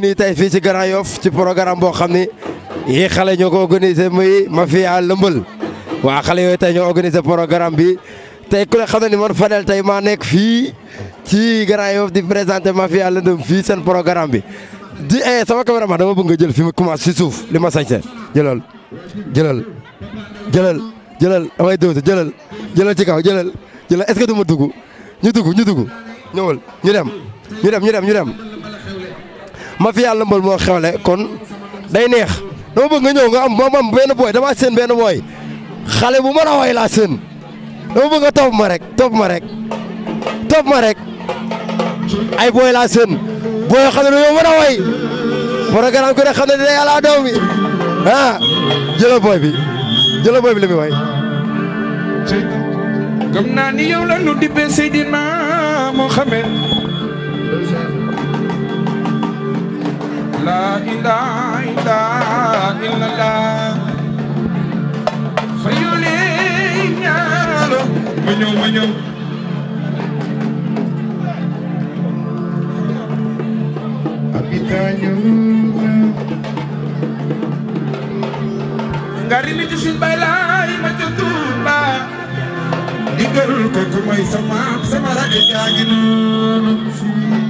nii tey fii ci Grand Yoff ci programme boo xam ni yii xale ñoo ko organisé muy Mafia lëmbal waa xale yooyu tey ñoo organisé programme bi tey ku ne xam na ni man Fadel tey maa nekk fii ci Grand Yoff di présenté Mafia lëndëm fii seen programme bi di eh sama ma dama bëgg nga jël fi mu commencé si suuf li ma sañse jëlal jëlal jëlal jëlal damay dóose jëlal jëlal ci kaw jëlal jëlal est-ce que du ma dugg ñu dugg ñu dugg ñëwal ñu dem ñu dem ñu dem ñu dem ma fi yàlla mbal moo xewle kon day neex dama bëgg nga ñëw nga am ma am benn booy damaa seen benn booy xale bu mën a la laa seen dama bëgg nga topp ma rek topp ma rek topp ma rek ay booy laa seen booy xam ne dañoo mën a way programme ku ne xam ne dina yàlla doom bi ah booy bi jëlal booy bi li muy way gëm naa ni yow la nu dibbee Seydina لا إله إلا إلا الله خيولي يالو منو منو أبيتانيو ngari ni ci baylay ma ci tuba digal ko kumay sama sama rag jaagi noonu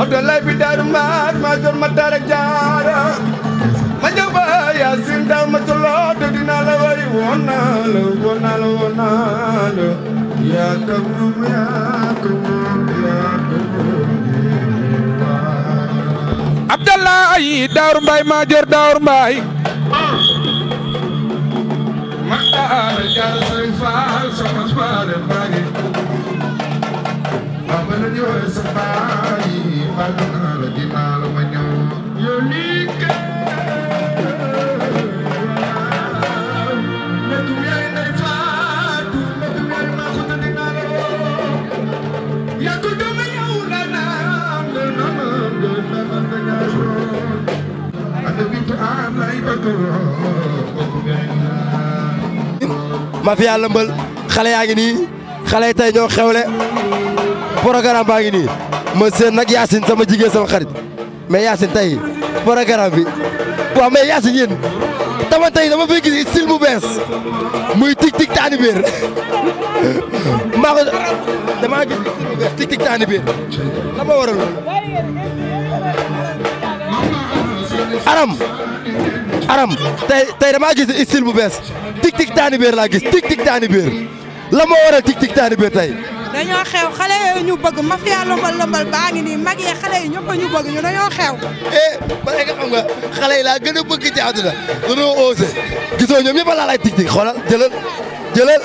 Abdoulaye bi daaru maat maa jor ma tarak jaara ma ñëw ba yaasin daaw ma toloo de dinaa la way woon naa la woon naa la woon naa la yaa ka moom yaa ka moom yaa ka moom Abdoulaye daaru mbaay maa jor daaru mbaay ma taara jaara say faal sama faale mbaay ma bala ñëwee sa baay mafia lëmbal xale yaa ngi nii xale yi tey xewle programme baa ngi nii ma seen nag Yacine sama jigéen sama xarit mais Yacine tey programme bi waaw mais Yacine yéen dama tey dama fay gis style bu bees muy tic tic taani biir maa ko damaa gis style bu bees tic tic taani la gis style bu bees la ma waral tic tic taani biir dañoo xew xale yooyu ñu bëgg mafia lëmbal lëmbal baa ngi nii mag yee xale yi ñu bëgg ñu dañoo xew. eh ba nga xam nga xale yi laa gën a bëgg ci àdduna dañoo osé gisoo ñoom ñëpp a laal ay tic-tic xoolal jëlal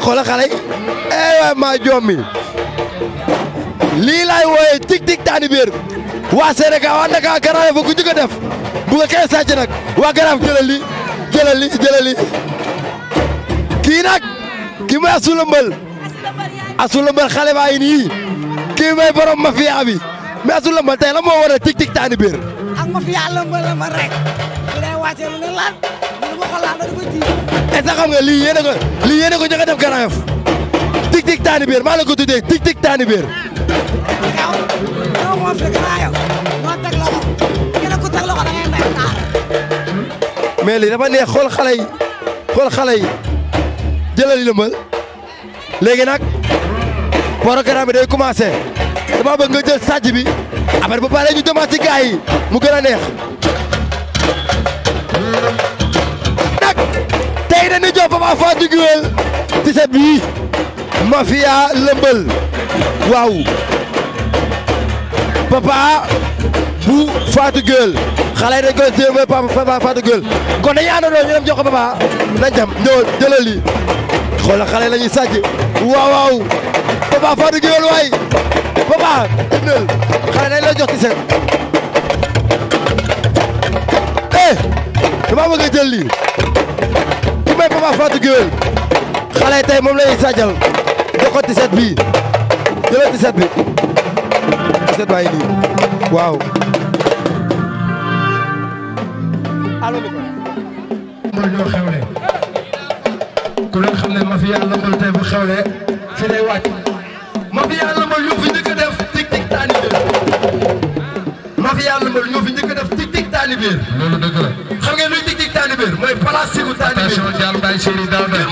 xale yi eh waay maa jommi lii laay wooyee tic taani biir waa Sénégal waa Dakar gannaaw fa ku jóg def bu nga kay nag waa garaaf jëlal li jëlal kii nag. kii mooy Assou Lëmbël Assou Lëmbël xale baa ngi nii borom mafia bi mais Assou Lëmbël tey la moo war a tic taani biir. ak mafia lëmbël lëmbël rek. li lay wàccee lu ne lan lu ma ko laal da ko ji. est-ce que xam nga lii yéen a ko lii yéen a ko def garaaf tic tic taani biir maa la ko tuddee tic tic taani biir. yow yow moom fekk xale yi xale yi lëmbël. léegi nag programme bi day commencé dama bëgg nga jël sàjj bi après bu paree ñu ci gars mu gën a neex. nag tey dañuy jox Papa Fatou Guewel ci set bii mafia lëmbël waaw Papa bu Fatou xale dañ koy jéem Papa Papa Fatou Guewel kon dañuy àndandoo ñu dem jox ko Papa nañ dem ñëw jëlal xale la ñuy waaw waaw Papa Fadou Gueye waay Papa ibnel xale nañ la jox ci seen eh dama bëgg a jël lii may Papa Fadou Gueye xale tey moom lañuy sajal jox ko set bi jëlal ci set bi ci set baa ngi nii ku leen xam ne mafia lëmbal tey bu xewlee fi lay wàcc mafia lëmbal ñoo fi njëkk a def tik tik taani biir mafia lëmbal ñoo fi njëkk a def tik tik taani biir loolu dëgg la xam ngeen luy tik tik taani biir mooy place si bu taani biir attention Diallo Mbaye Serigne Daouda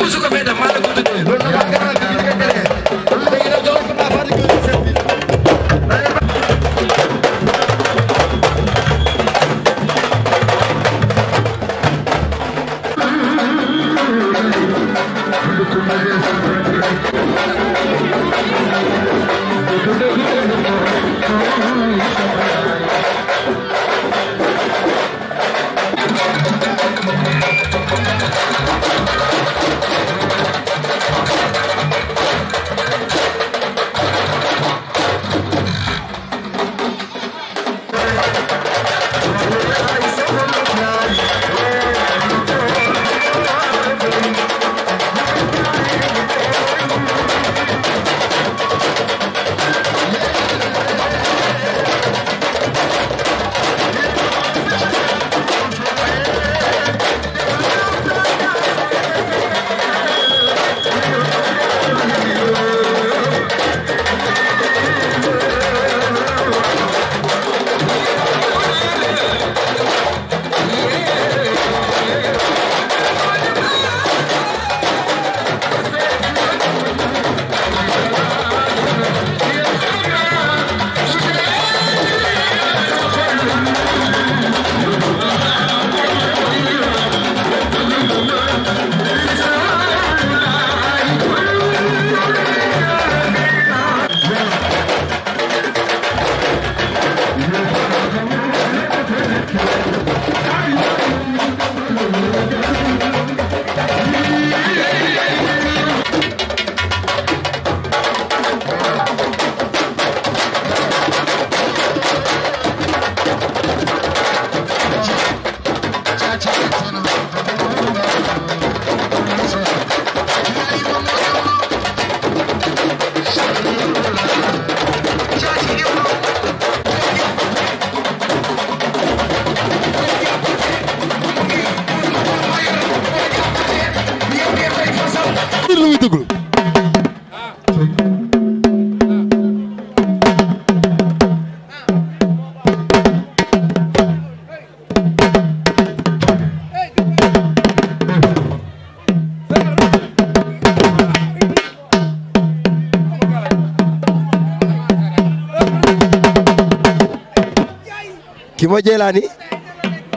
Abo Jeylaani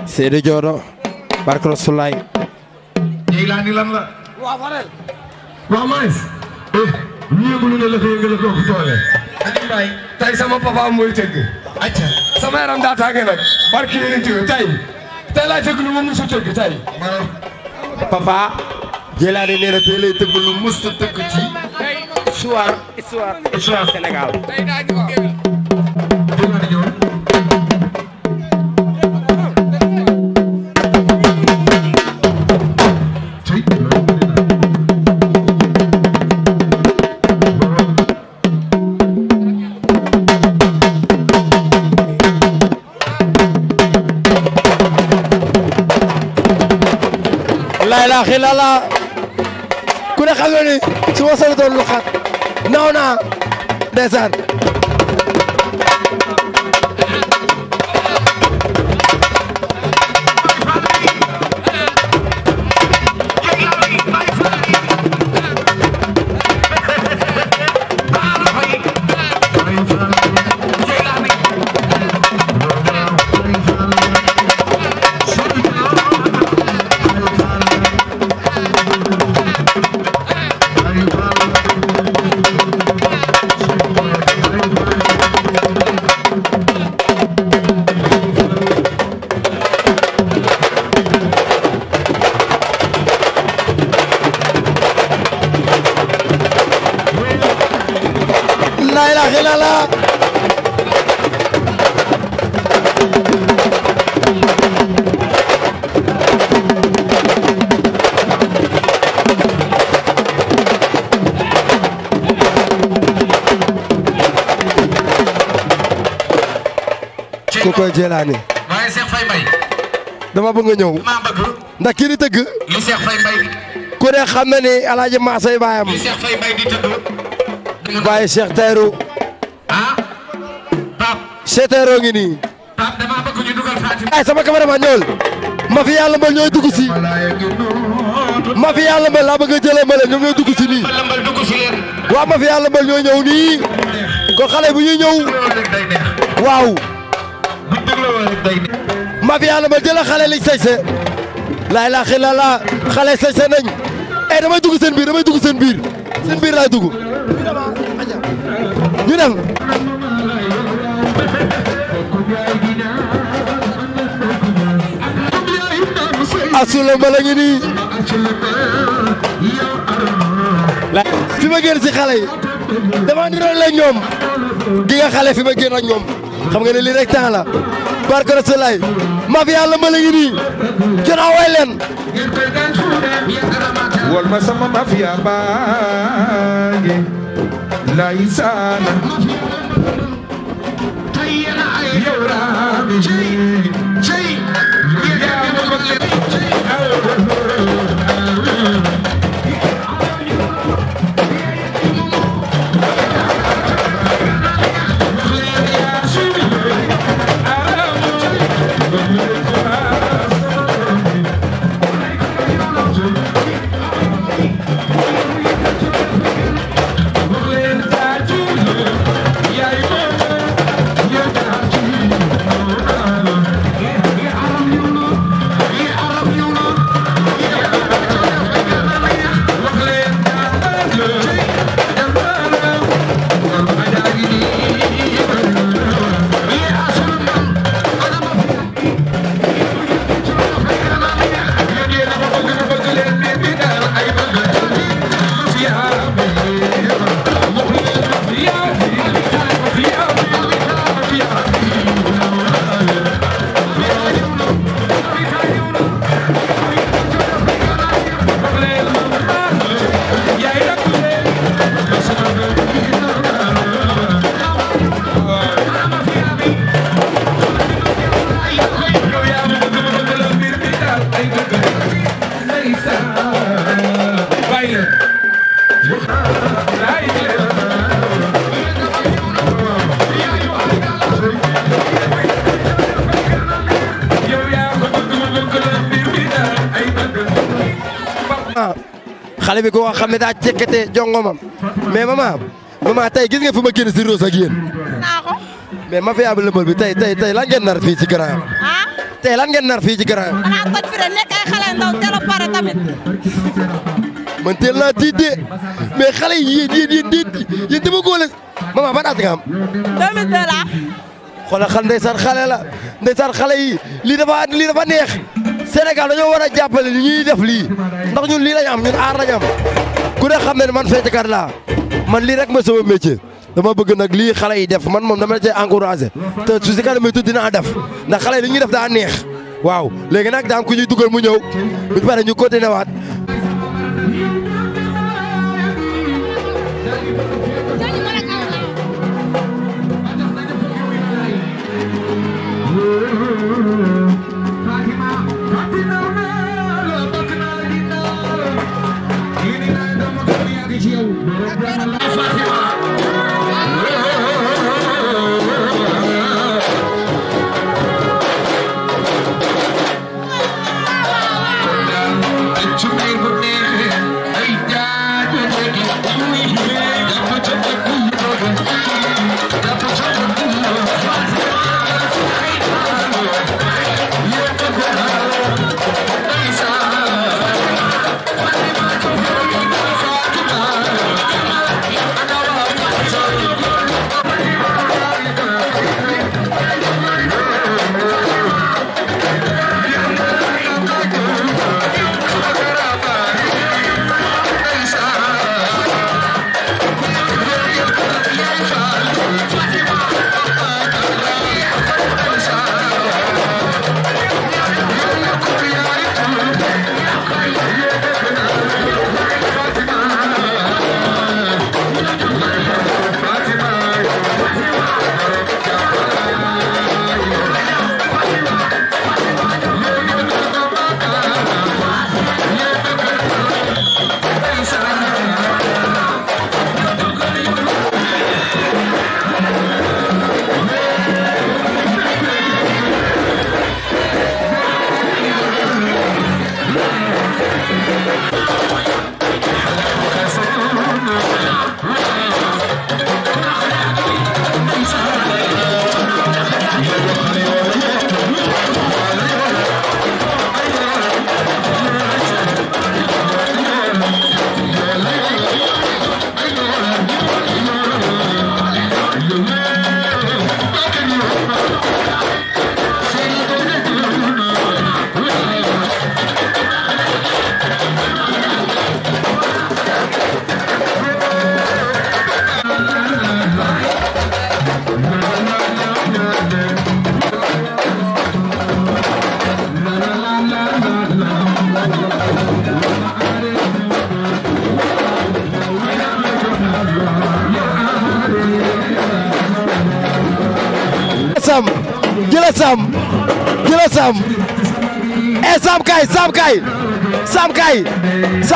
Seydou Diono barke Rasulaay Jeylaani lan la waaw farel waaw mais ñu yëgulu ne la ko yëngal ko toole Adim Baye sama papa mooy tëgg acca sama yaram daa tàngee nag barke yeneen tiwe tey tey laa tëgg lu ma musu tëgg tey papa Jeylaani nee na tey lay lu mus tëgg ci histoire histoire Sénégal yaa xilala ku ne xam nga ni su ma sori doon lu xat naaw naa ndeysaan Jelaani. waaye Cheikh Faye dama bëgg nga ñëw. maa bëgg. tëgg. li Cheikh Faye Mbaye. ku ne ni El Maasay baayam. li Cheikh Faye Mbaye di ah, ngi nii. ay sama cameraman ñëwul. ma fi yàlla ñooy dugg si. ma fi yàlla mbal laa bëgg a jëlee ñoom ñooy dugg si nii. waaw ma fi yàlla ñooy ñëw nii. ko xale bu ñuy ñëw. waaw. mafia la ma jëla xale lañ sañse laay laa xila laa xale sañse nañ e damay dugg seen biir damay dugg seen biir seen biir laay dugg ñu dem asula ma la ngi nii fi ma génn si xale yi dama niroon leen ñoom gi nga xale fi ma génn ak ñoom xam nga ne lii rek temps la barke Rasulaay mafia la ma la nii jona way leen wol sama mafia baange lay saana xam ne daa cekkete jongomam mais maman maman tey gis nga ma génn si Rose ak yéen. mais ma bi tey tey tey lan ngeen nar fii ci Grand Yoff. Ah? tey lan ngeen nar fii ci Grand Yoff. xanaa kon fi de nekk ay xale ndaw teel a pare tamit. man teel naa tiit de mais xale yi yéen di yéen déet yéen dama góole maman ban at nga am. 2002 la. xoolal xal ndeysaan xale la ndeysaan xale yi lii dafa lii dafa neex Sénégal dañoo war jàppale li ñuy def lii ndax ñun lii lañ am ñun aar lañ am. ku ne xam ne man fecckat la man lii rek ma sama métier dama bëgg nag lii xale yi def man moom dama la cay encouragé te su si kanamee tuuti dinaa def ndax xale yi li ñuy def daa neex waaw léegi nag daam ku ñuy dugal mu ñëw bu pare ñu continué waat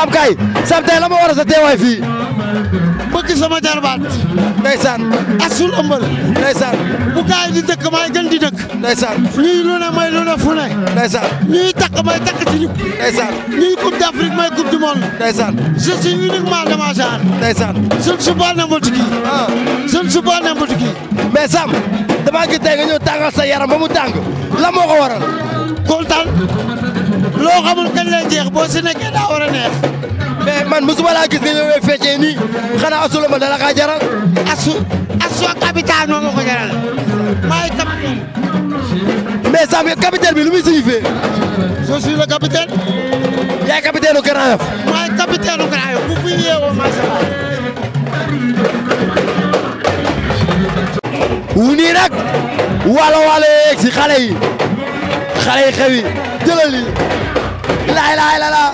Sam kay Sam tey la moo war a sa teewaay fii. bëgg sama jarbaat. ndeysaan. asul ëmbal. ndeysaan. bu gaay di dëkk may gën di dëkk. ndeysaan. ñuy lu ne may lu ne fu ne. ndeysaan. ñuy takk may takk ci ñub. ndeysaan. ñuy coupe d'Afrique may coupe du monde. ndeysaan. je suis uniquement de ma genre. ndeysaan. je ne suis pas n'importe qui. ah je Sam damaa gis tey ñëw tàngal sa yaram ba mu tàng la moo ko waral. kontaan loo xamul kañ lay jeex boo si nekkee daa war a neex. mais man mosuma laa gis nga ñëwee feccee nii xanaa asu la jaral. asu asu ak capital moom moo lu muy signifié. je suis le capitaine. yaay capitaine u Grand Yoff. maay capitaine u Grand Yoff bu fi yeewoo maa sa wu nii nag laa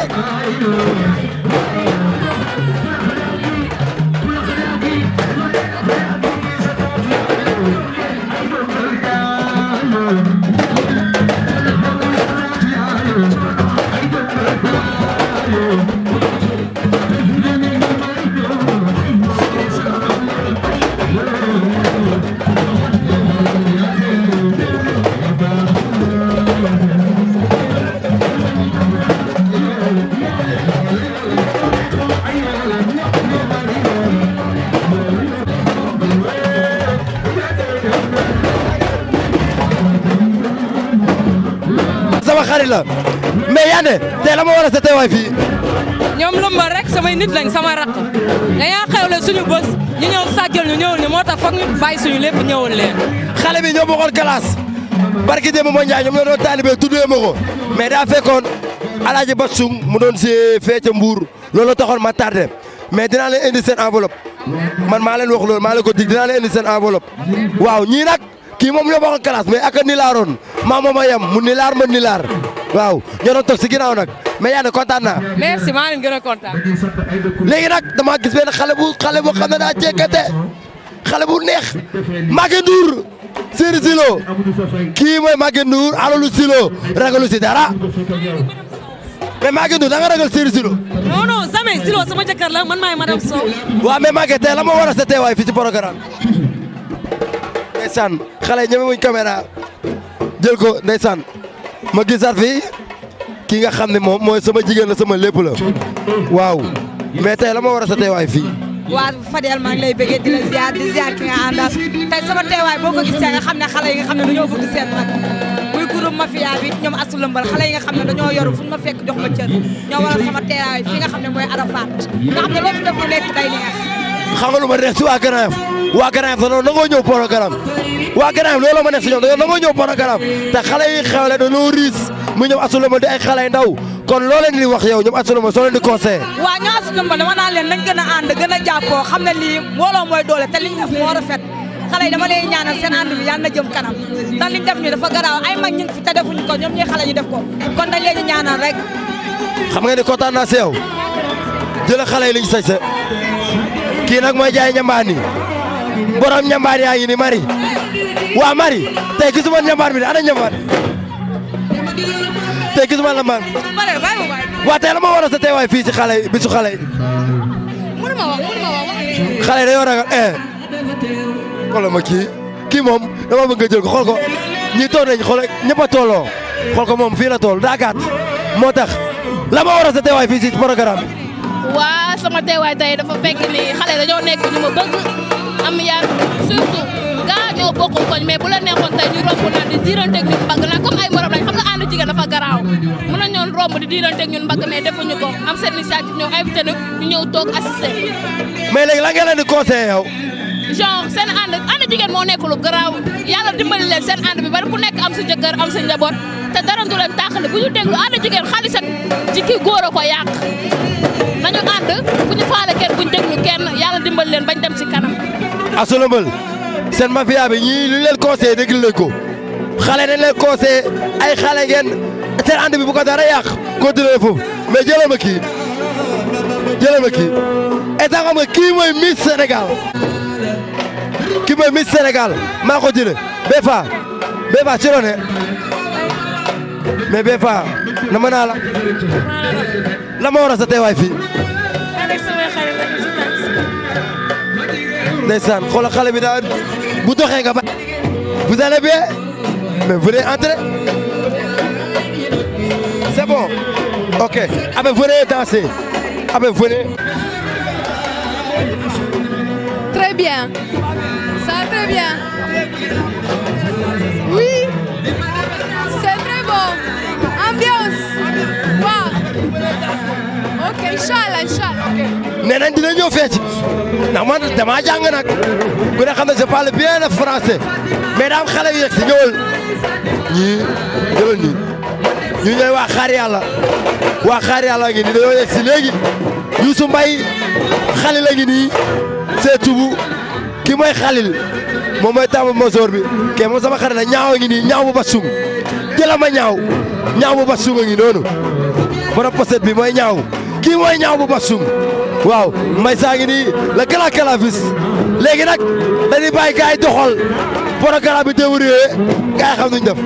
sama xarit la mais Yandé tey la ma war a sa teewaay fii. ñoom lëmbal rek samay nit lañ sama rakk dañaa xewle suñu bës ñu ñëw sàccal ñu ñëwul ñu moo tax foog ñu bàyyi suñu lépp ñëwul leen. xale bi ñoo bokkoon classe barki démb mooy Ndiaye ñoom ñoo doon taalibe tuddee ma ko daa fekkoon alaaji Bassung mu doon si fee ca Mbour loolu taxoon ma tardé mais dinaa leen indi seen enveloppe man maa leen wax loolu maa leen ko dig dinaa leen indi seen enveloppe waaw ñii nag kii moom ñoo bokkoon classe mais ak a waaw ñoo doon si ginnaaw nag mais yaa ne kontaan naa. merci maa leen gën a léegi nag damaa gis benn xale bu xale bu xam ne daa jekkate xale bu neex Maguette Ndour Serigne Silo kii mooy Maguette alolu alalu Silo ragalu si dara mais Maguette Ndour da nga ragal Serigne Silo. non non jamais Silo sama jëkkër la man maay madame Sow. waaw mais Maguette tey la moo war a sa teewaay fii ci programme ndeysaan xale yi ñeme wuñ caméra jël ko ndeysaan ma gisaat fi ki nga xam ne moom mooy sama jigéen la sama lépp la waaw mais tey la ma war a sa teewaay fii. waa Fadel maa ngi lay bëggee di la di ziar ki nga àndal tey sama teewaay boo ko gisee nga xam ne xale yi nga xam ne dañoo bëgg seen mag muy groupe mafia bi ñoom asu lëmbal xale yi nga xam ne dañoo yoru fu ñu ma fekk jox ma cër ñoo waral sama teewaay fi nga xam ne mooy Arafat nga xam ne loolu def lu nekk day neex xam nga lu ma neex si waa Grand Yoff waa Grand Yoff dañoo nangoo ñëw programme waa Grand Yoff loolu ma neex si ñoom dañoo nangoo ñëw programme te xale yi xewle dañoo riis mu ñëw asuluma di ay xale ndaw kon loo leen di wax yow ñoom asuluma soo leen di conseillé. waaw ñoo asuluma dama naan leen nañ gën a ànd gën a jàppoo xam ne lii mbooloo mooy doole te liñ def moo rafet xale yi dama leen ñaanal seen ànd bi yàlla na jëm kanam ndax liñ def ñu dafa garaaw ay mag ñu ngi fi te defuñu ko ñoom ñuy xale ñu def ko kon dañ leen ñaanal rek. xam nga ni kontaan naa si yow jël xale yi liñ sañ kii nag mooy jaay ñambaani borom ñambaani yaa ngi ni mari waa mari tey gisuma ñambaan bi ana ñambaan tey gisuma la waa tey la ma war a sa teewaay fii ci xale yi bisu xale yi xale eh. ma kii moom dama bëgg nga jël ko xool ko ñi toog nañ xool moom fii la toll daa gàtt moo tax war a sa teewaay fii ci waa sama teewaay tey dafa fekk ni xale dañoo nekk ñu ma bëgg am yar surtout gaa ñoo koñ mais bu la neexoon tey ñu romb naan di diiranteeg ñun mbagg nag comme ay morom lañ xam nga ànd jigéen dafa garaaw mën na romb di diiranteeg ñun mbagg mais defuñu ko am seen initiative ñoo invité nag ñu ñëw toog assister mais léegi la di conseillé genre seen ànd ànd jigéen moo nekk lu garaaw yàlla dimbali bi bari ku nekk am sa jëkkër am sa njaboot te dara du leen tàqale bu ñu déglu jigéen xaalis ak jikki góor a ko yàq nañu ànd bu ñu faale kenn bu ñu déglu kenn yàlla leen bañ dem si kanam. asolambal seen mafia bi ñii lu leen conseillé dégg lañ ko xale dañ leen ay xale ngeen seen bi bu ko dara yàq continué foofu mais jëlal ma kii jëlal ma kii kii mooy Miss Sénégal. ki mooy Miss Sénégal maa ko jëlee Befa Befa ci mais Befa nama naa la la war a sa teewaay fii. ndeysaan xoolal xale bi daal bu doxee ba. vous allez bien mais venez entrer c'est bon ok abe ah, venez danser abe ah, venez. très bien. Ça très bien. Oui. C'est très bon. Ambiance. man dama jàng nag. Ku ne xam bien le français. Mais daam xale yi rek si ñëwal. Ñii jëlal ñii. ñu ñooy waa xaar yàlla waa xaar yàlla ngi nii dañoo la ngi see tubu kii mooy xalil moom mooy taamu mosoor bi ke moom sama xarit la ñaaw a ngi nii ñaaw bu ba sung jëla ma ñaaw ñaaw bu ba a ngi noonu borom poset bi mooy ñaaw kii mooy ñaaw bu ba waaw may saa ngi nii la kala kalafis léegi nag dañuy bàyyi gars yi doxal programme bi déwénee gars yi xam nuñ def.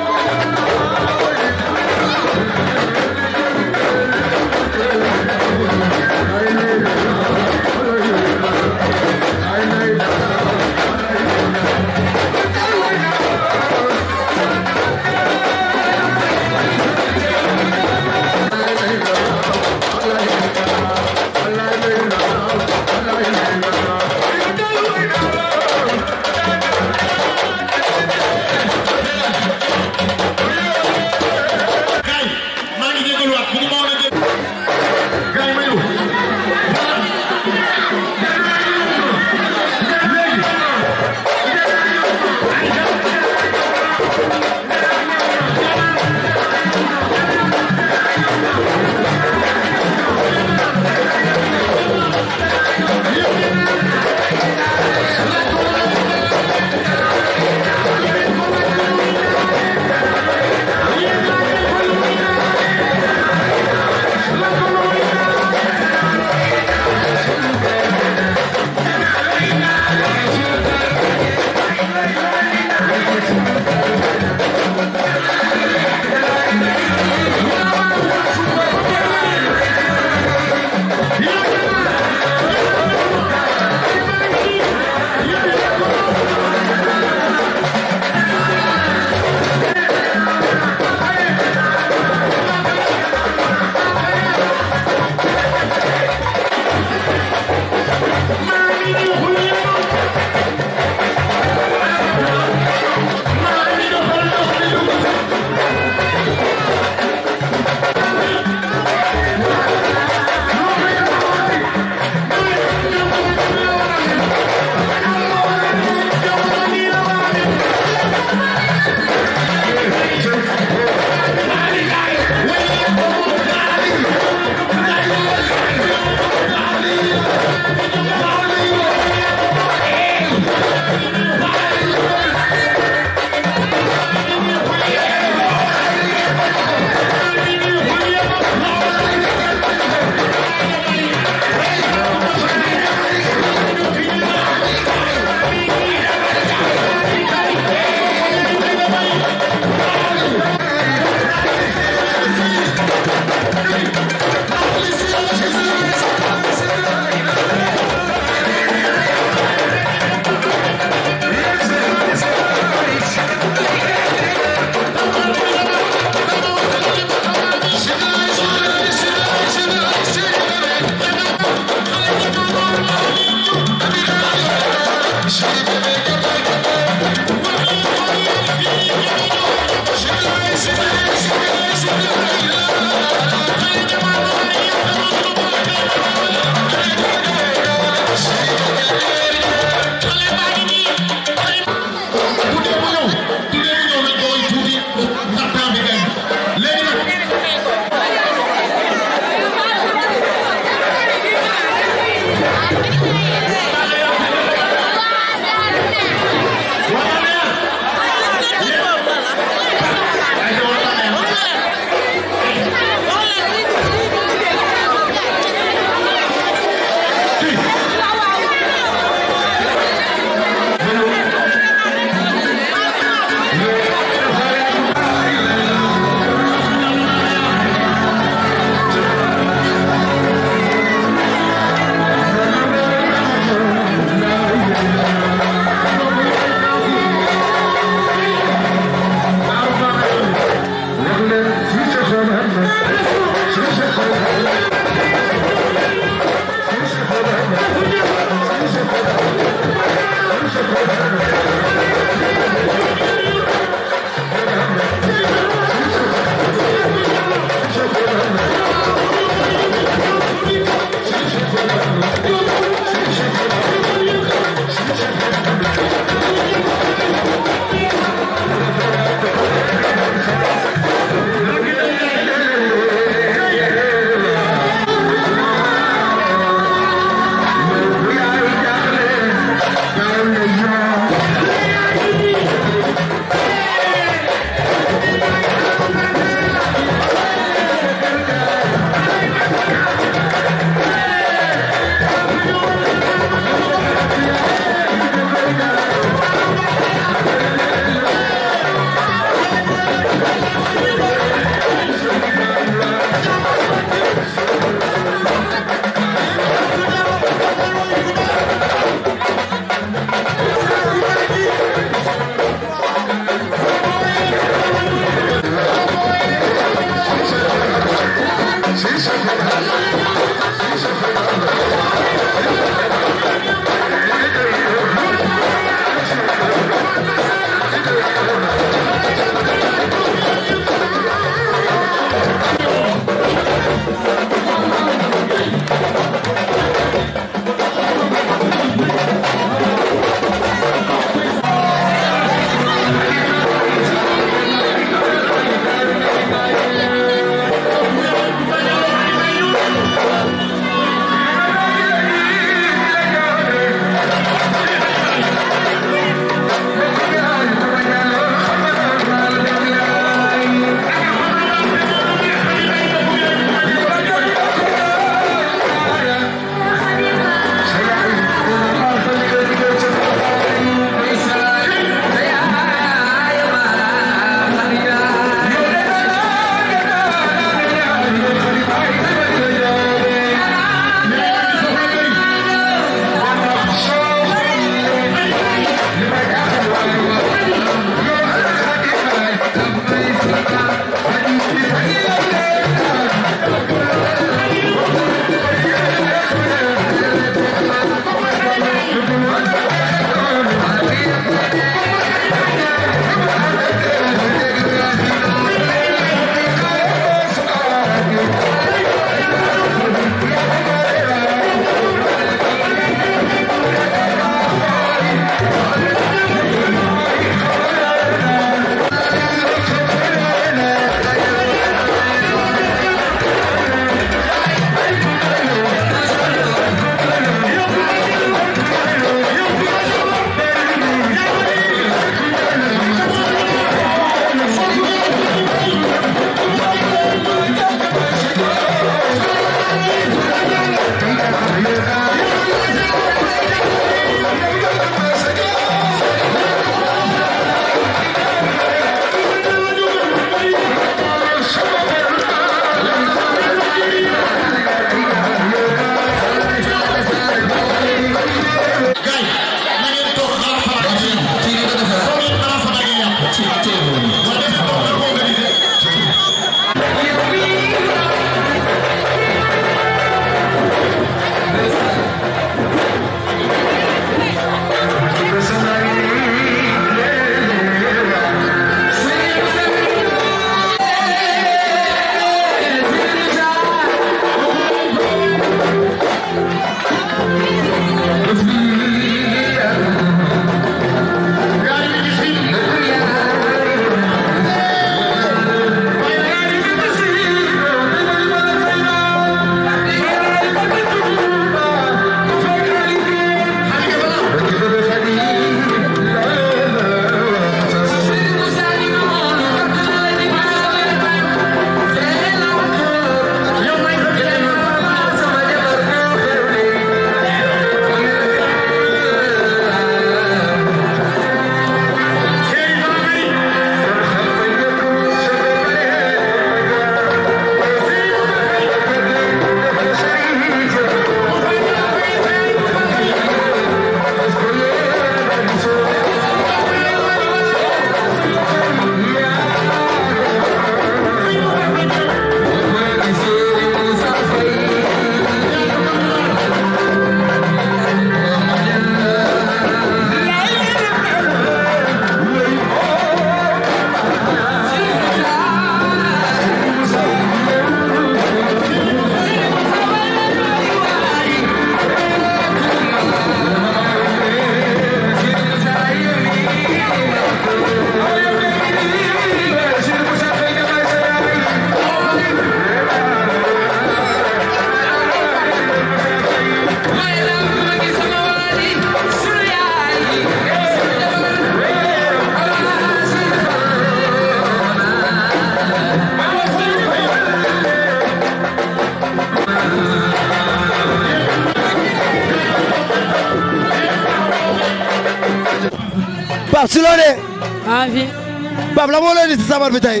indi si sabar bi tey.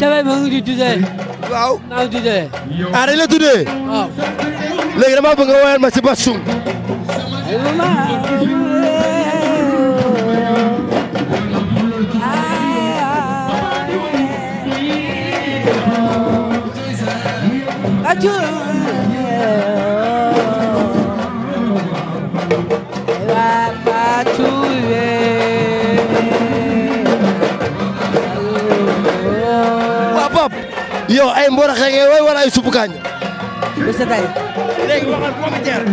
sabar bi mu ngi tuddee. waaw maa ngi tuddee. ah dañu la tuddee. waaw. léegi dama bëgg nga woyal ma si Bassum. Adieu. yow ay mboorax rek ngay way wala ay suppu kaañ. waxal Baba Dieng.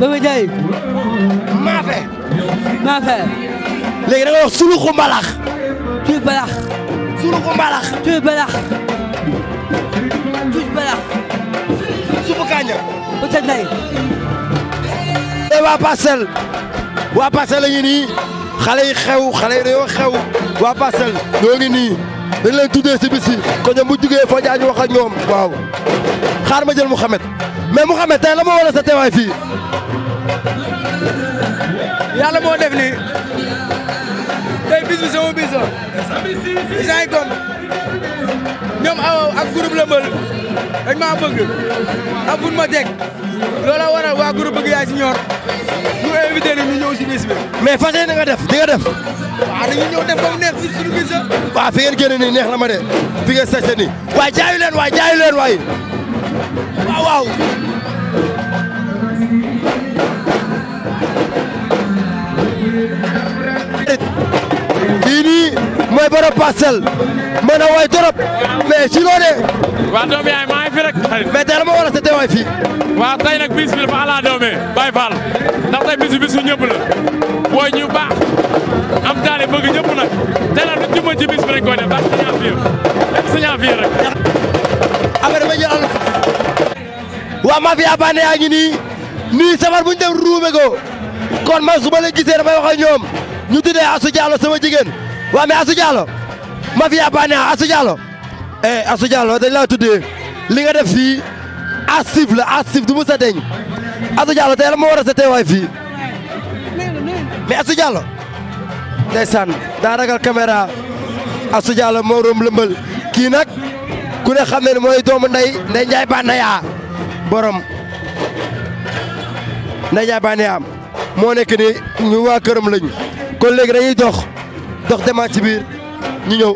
Baba Dieng. Maafe. Maafe. léegi da wax suluxu mbalax. cuuj balax. suluxu mbalax. cuuj balax. cuuj balax. suppu kaañ. monsieur Taye. waa Parcelles waa Parcelles la nii xale xew xale yi xew waa Parcelles ñoo ngi nii. dañ leen tuddee si bis yi kon ñoom bu jugee Fadiagne wax ak ñoom waaw xaar ma jël Mouhamed mais Mouhamed tey la ma waral sa teewaay fii. yàlla moo def ni tey bis bi sama bis la. isaay kom ñoom aw ak groupe la mbël dañ maa bëgg am fu ma teg loola waral waa groupe bëgg yaay si ñor ñu invité ni ñu ñëw si bi. mais fas yéene nga def di nga def. waaw dañuy ñëw def ba neex ñun suñu gis. waaw fi ngeen génne nii neex na ma de fi ngeen sëcc nii waaye jaayu waay jaayu leen mooy borom parcelle mën na waay trop mais ci loonee. waaw doom yaay maa fi rek. mais tey la ma war a seetee waay fii. waaw tey nag bis bi dafa ala doomee Baye Fall ndax tey bis bi bisu ñëpp la am taale bëgg ñëpp nag te la du juma ci bis bi rek koy def daal sañaa fiir sañaa fiir rek affaire ba jël waa mafia bande ngi nii nii sabar bu ñu dem ruume ko kon man su ma leen gisee damay wax ak ñoom ñu tuddee Asou Diallo sama jigéen waa mais Asou Diallo mafia bande yaa Asou Diallo eh Asou Diallo dañ laa tuddee li nga def fii asif la asif du mu sa deñ Asou Diallo moo war sa teewaay fii mais Asou ndeysaan daa ragal caméra Astou Diallo moo room kii nag ku ne xam ne ni mooy doomu ndey ndey njaay bànneyaa borom ndey njaay bànneyaa moo nekk ni ñu waa këram lañu kon léegi dañuy dox dox demaat ci biir ñu ñëw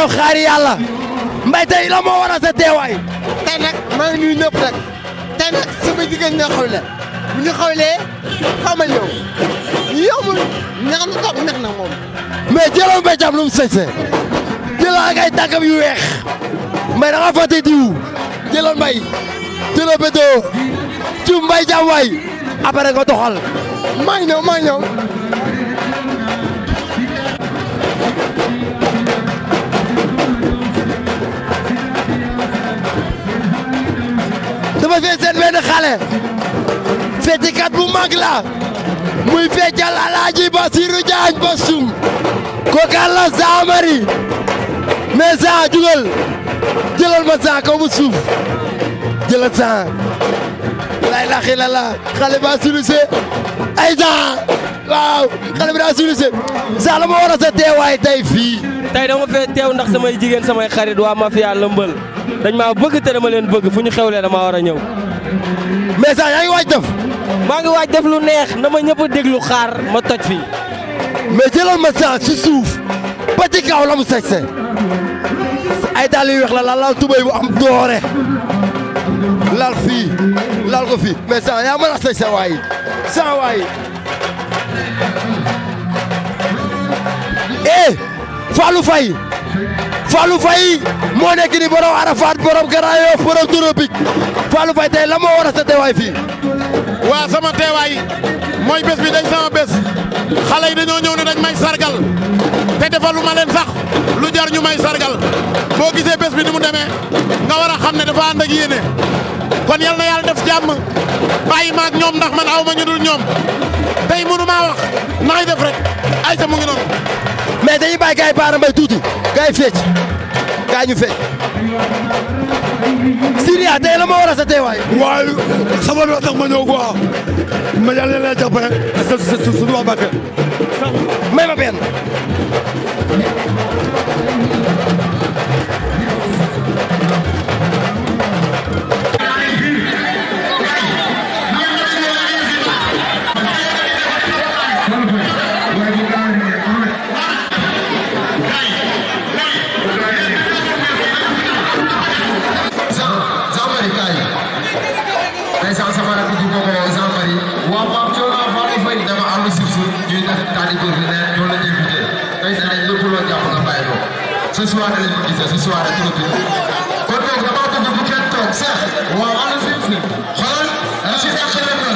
kanam xaar yàlla mbay tey la moo waral sa teewaay. tey maa ngi nuyu ñëpp rek tey nag sama jigéen ñoo xawle bu ñu xawlee xaw ma ñëw ñu yomul ñax na toog ñax na moom. mais jëloon mbay jàmm lu mu sañse jëloon ak ay tànkam yu weex mbay da nga fàtte diw jëloon mbay jëloon bétoo ci mbay jàmm waay benn xale fetikat bu mag la muy feccal alaaji Basiru Jaañ ba sum kooka la saamari mais saa jugal jëlal ma saa kaw bu suuf jëlal saa lay la xila la xale ba suluse ay saa waaw xale bi daa suluse saa la ma war a sa teewaay tey fii tey dama fee teew ndax samay jigéen samay xarit waa mafia lëmbal dañ maa bëgg te dama leen bëgg fu ñu xewlee dama war a ñëw mais sax yaa ngi waaj def. maa ngi waaj def lu neex na ma ñëpp a déglu xaar ma toj fii. mais jëlal ma sax si suuf ba ci la mu segsee ay dàll yu weex la laal tubéy bu am doore laal fii laal ko fii mais sax yaa mën a segsee waay sax waay. eh Fallou Faye Fallou Faye moo nekk ni borom Arafat borom Garaayof borom Dorobik. Fallou Faye tey la moo war a sa teewaay fii. waa sama teewaay mooy bés bi day sama bés xale yi dañoo ñëw ne dañ may sargal te defalu ma leen sax lu jar ñu may sargal boo gisee bés bi ni mu demee nga war a xam ne dafa ànd ak yéene kon yal na yàlla def jàmm bàyyi ma ak ñoom ndax man aw ma ñu dul ñoom tey mënu maa wax naxay def rek ay sa mu ngi noonu. mais dañuy bàyyi gars yi baara mbay tuuti yi fecc gars ñu fecc. Siria tey la a sa teewaay. waaye sama doon ma ñëw quoi ma yàlla na leen jàppale sa sa sa suñu soirée trop tôt kon nag damaa bëgg bu kenn toog sax waaw ana fi mu ne xoolal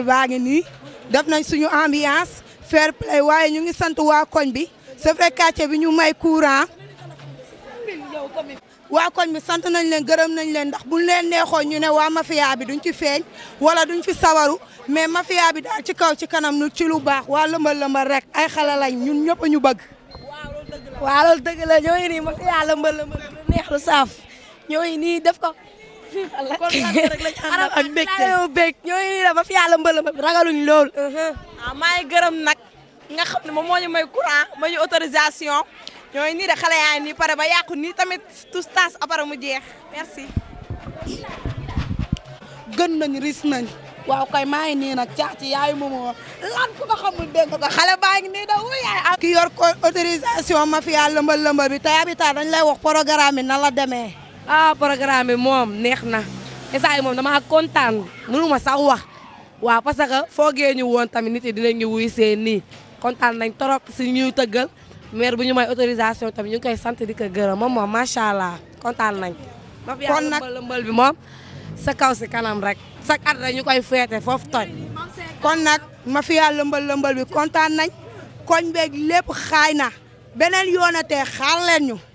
football baa ngi nii def nañ suñu ambiance fair play waaye ñu ngi sant waa koñ bi c'est vrai quartier bi ñu may courant waa koñ bi sant nañ leen gërëm nañ leen ndax buñ leen neexoon ñu ne waa mafia bi duñ ci feeñ wala duñ fi sawaru mais mafia bi daal ci kaw ci kanam lu ci lu baax waa lëmbal lëmbal rek ay xale lañ ñun ñëpp ñu bëgg. waaw loolu dëgg la neex lu saaf ñoo ngi nii arab ak mbégte yow bég ñooñu la maa ngi nag nga xam ne moom moo ñu may courant nii de xale yaa nii ba yàqu nii tamit tous tas mu jeex merci. gën nañ maa ngi nii nag caa ci yaay ngi ah. yor ko autorisation ma fi yàlla lëmbal lëmbal bi tey abitat dañ wax programme bi la demee. ah programme bi moom neex na instant yi moom damaa kontaan mënuma sax wax waa parce que foogee ñu woon tamit nit yi dinañu wuy seen nii kontaan nañ trop si ñuy tëggal maire bu ñu may autorisation tamit ñu koy sant di ko gërëm moom moom macha allah kontaan nañ. kon nag lëmbal bi moom sa kaw si kanam rek. chaque at ñu koy feete foofu toj. kon nag mafia lëmbal lëmbal bi kontaan nañ koñ beeg lépp xaay na beneen yoonatee xaar leen ñu.